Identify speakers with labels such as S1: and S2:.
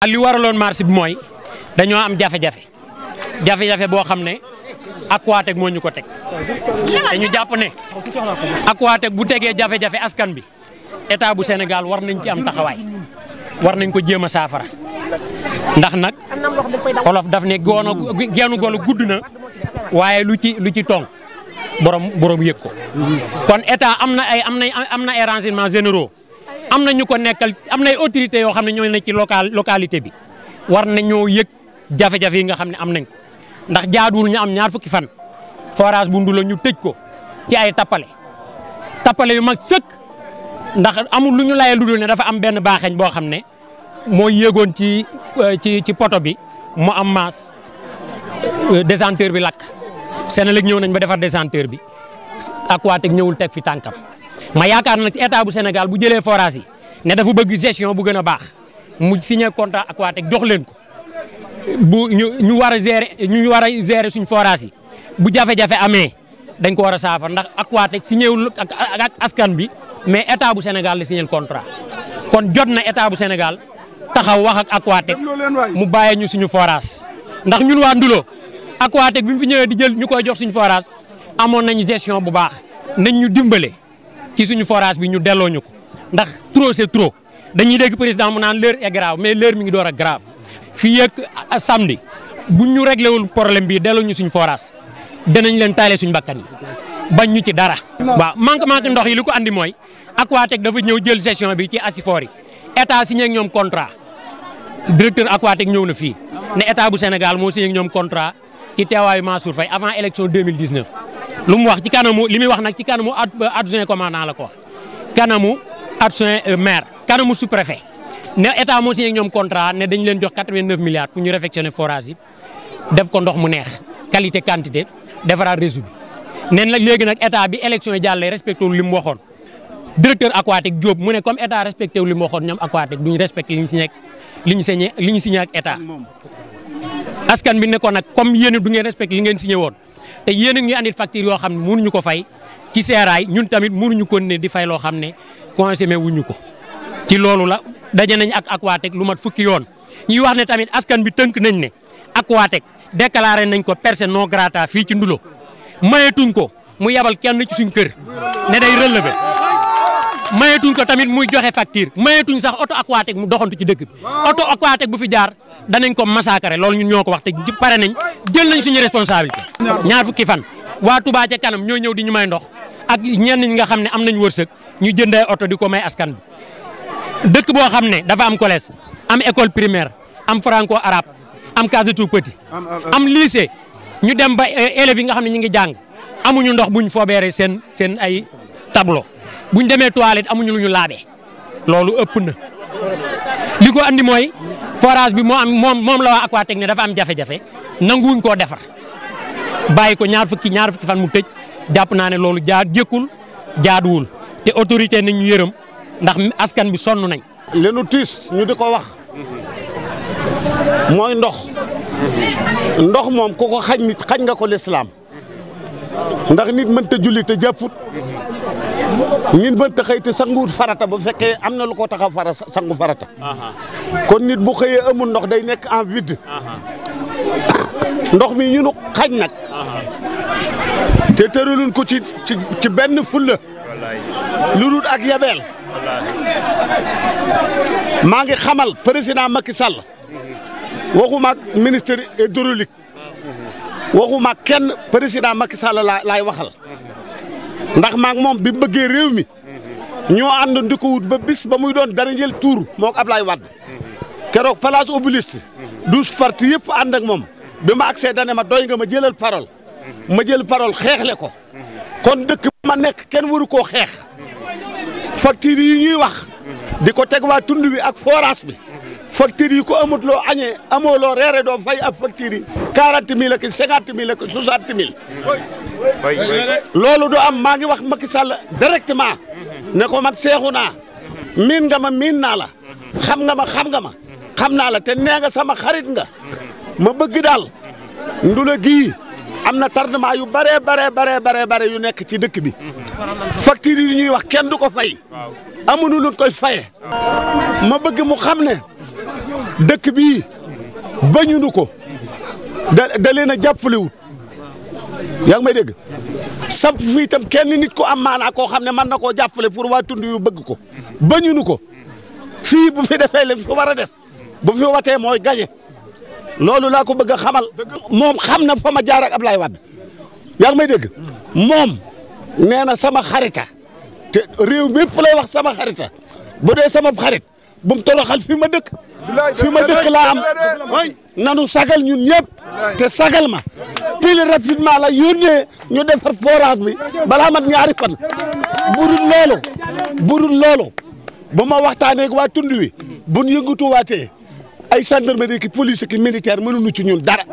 S1: li waraloon marché bi mooy dañoo am jafe-jafe jafe-jafe boo xam ne Aquatech moo ñu ko teg dañu jàpp ne Aquatech bu tegee jafe-jafe askan bi état bu Sénégal war nañ ci am taxawaay war nañ ko jéem a saafara ndax nag olof daf ne goono geenu golo gudd na waaye lu ci lu ci tong borom borom yëg ko kon état am na ay am na am na ay renseignements am na ñu ko nekkal am na nay autorité yoo xam ne ñoo ne ci local localité bi war nañoo yëg jafe-jafe yi nga xam ne am nañ ko ndax jaaduwul ñu am ñaar fukki fan forage bu Ndoulo ñu tëj ko ci ay tappale tappale yu mag sëkk ndax amul lu ñu layee lu dul ne dafa am benn baaxeñ boo xam ne moo yéegoon ci euh, ci ci poto bi mu am maas euh, décenteur bi lakk Senelec ñëw nañ ba defar décenteur bi ak Aquatech ñëwul teg fi tànkam ma yaakaar nag ci état bu senegal bu jëlee forage yi ne dafa bëgg gestion bu gën a baax mu signé contrat Aquatech jox leen ko bu ñu ñu war a gérer ñu war a gérer suñ forage bu jafe-jafe amee dañ ko war a saafara ndax ak Aquatech si wul ak askan bi mais état bu Sénégal la signé contrat kon jot na état bu Sénégal taxaw wax ak ak Aquatech mu bàyyee ñu suñu forage ndax ñun waa ak Aquatech bi mu fi ñëwee di jël ñu koy jox suñu forage amoon nañu gestion bu baax nañ ci suñu forage bi ñu delloo ñu ko ndax trop c'est trop dañuy dégg président mu naan l'heure est grave mais l'heure mi ngi door a grave fii ak ah, samedi bu ñu réglé wul problème bi delloo ñu suñu forage danañ leen taalee suñu bakkan yi bañ ñu ci dara. waaw manque ndox yi li ko andi mooy Aquatec dafa ñëw jël gestion bi ci Asifor yi état signé ak ñoom contrat directeur Aquatec ñëw na fii ne état bu Sénégal moo signé ak ñoom contrat ci teewaayu Mansour Faye avant élection 2019. lu mu wax ci kanamu li muy wax nag ci kanamu euh, adjoint commandant la ko wax kanamu adjoint euh, maire kanamu sous-préfet ne état moo signé ñoom contrat ne dañ leen jox 89 milliards pour ñu réfectionner forage yi def ko ndox mu neex qualité quantité defaraat réseau bi. neen nag léegi nag état bi élection yi jàllee respecté wul li mu waxoon directeur aquatique Diop mu ne comme état respecté wul li mu waxoon ñoom aquatique duñu ñu signé li ñu signé li ñu signé ak état askan bi ne ko nag comme yéen du ngeen respecté li ngeen si woon. te yéen a ngi ñu andil facture yoo xam ne mënuñu ko fay ci seeraay ñun tamit mënuñu ko ne di fay loo xam ne consommé wuñu ko ci loolu la daje nañ ak Aquatec lu mat fukki yoon ñuy wax ne tamit askan bi tënk nañ ne Aquatec déclaré nañ ko perse non grata fii ci Ndulo mayetuñ ko mu yabal kenn ci suñ ne day relever mayetuñ ko tamit muy joxe facture mayetuñ sax oto ak aquatique mu doxantu ci dëkk bi auto aquatique bu fi jaar danañ ko massacrer loolu ñun ñoo ko wax te pare nañ jël nañ ñu responsabilité. ñaar fukki fan waa Touba kanam ñoo ñëw di ñu may ndox ak ñenn ñi nga xam ne am nañ wërsëg ñu jëndee oto di ko may askan bi dëkk boo xam ne dafa am collège am école primaire am franco arabe am case tout petit am lycée ñu dem ba euh, élèves yi nga xam ne ñu ngi jàng amuñu ndox buñ foobeere seen seen ay tableau buñ demee toilette amuñu lu ñu laabee loolu ëpp na li ko andi mooy forage bi moo am moom moom la waa Aquatech ne dafa am jafe-jafe nanguwuñ koo defar bàyyi ko ñaar fukki ñaar fukki fan mu tëj jàpp naa ne loolu jaar jëkkul jaaduwul te autorité nañu yërëm ndax askan bi sonn nañ. leenu tiis ñu di ko wax mooy ndox ndox moom ku ko xañ
S2: nit xañ nga ko lislaam ndax nit mënta julli te jàpput nit ba taxay te sanguwut farata bu fekkee am na lu ko taxaw fara sangu farata kon nit bu xëyee amul ndox day nekk en vide ndox mi ñu nu xañ nag te tëraluñ ko ci ci benn fulla lu dul ak yabeel maa ngi xamal président Macky Sall waxuma ak e hydraulique waxuma ak kenn président Macky Sall lay waxal ndax maak moom bi mu bëggee réew mi ñoo àndoon di ba bis ba muy doon dara njël tuur moo ko Ablaye Wade keroog place Obélisque douze parti yëpp ànd ak moom bi ma agsee dane ma doy nga ma jëlal parole ma jël parole xeexle ko kon dëkk ma nekk kenn waru koo xeex facture yi ñuy wax di ko teg waa tund bi ak forage bi facture yi ko amat loo añee amoo loo reere doo fay ak facture yi quarante mille ak cinquante mille ak soixante mille loolu du am maa ngi wax Macky Sall directement mhm. ne ko man seexu naa mhm. miin nga ma miin naa la mhm. xam nga ma xam nga ma xam naa la te nee nga sama xarit nga ma bëgg daal ndula gii am na tardement yu bare bare bare bare bare yu nekk ci dëkk bi factures yi ñuy wax kenn du ko fay amuñu lu koy faye ma bëgg mu xam ne dëkk bii bañunu ko da da leen a jàppalewut yaa ngi may dégg samp fii kenn nit ku am maanaa koo xam ne mën na koo jàppale pour waa tund yu bëgg ko ba bañunu ko fii bu fi defee lim fi war a def bu fi watee mooy gañe loolu laa ko bëgg a xamal moom xam na fa ma jaar ak Ablaye Wade yaa ngi may dégg moom nee na sama xarita te réew mépp lay wax sama xarita bu dee sama xarit bu mu toroxal fi ma dëkk fi ma dëkk laa am nanu sagal ñun ñëpp te sagal ma pile rapidement la yónnee ñu defar forage bi balaa mat ñaari fan burul loolu burul loolu bu ma waxtaanee ak waa tund wi bu ñu yëngatuwaatee ay gendarmerie ki police ki militaire mënuñu ci ñun dara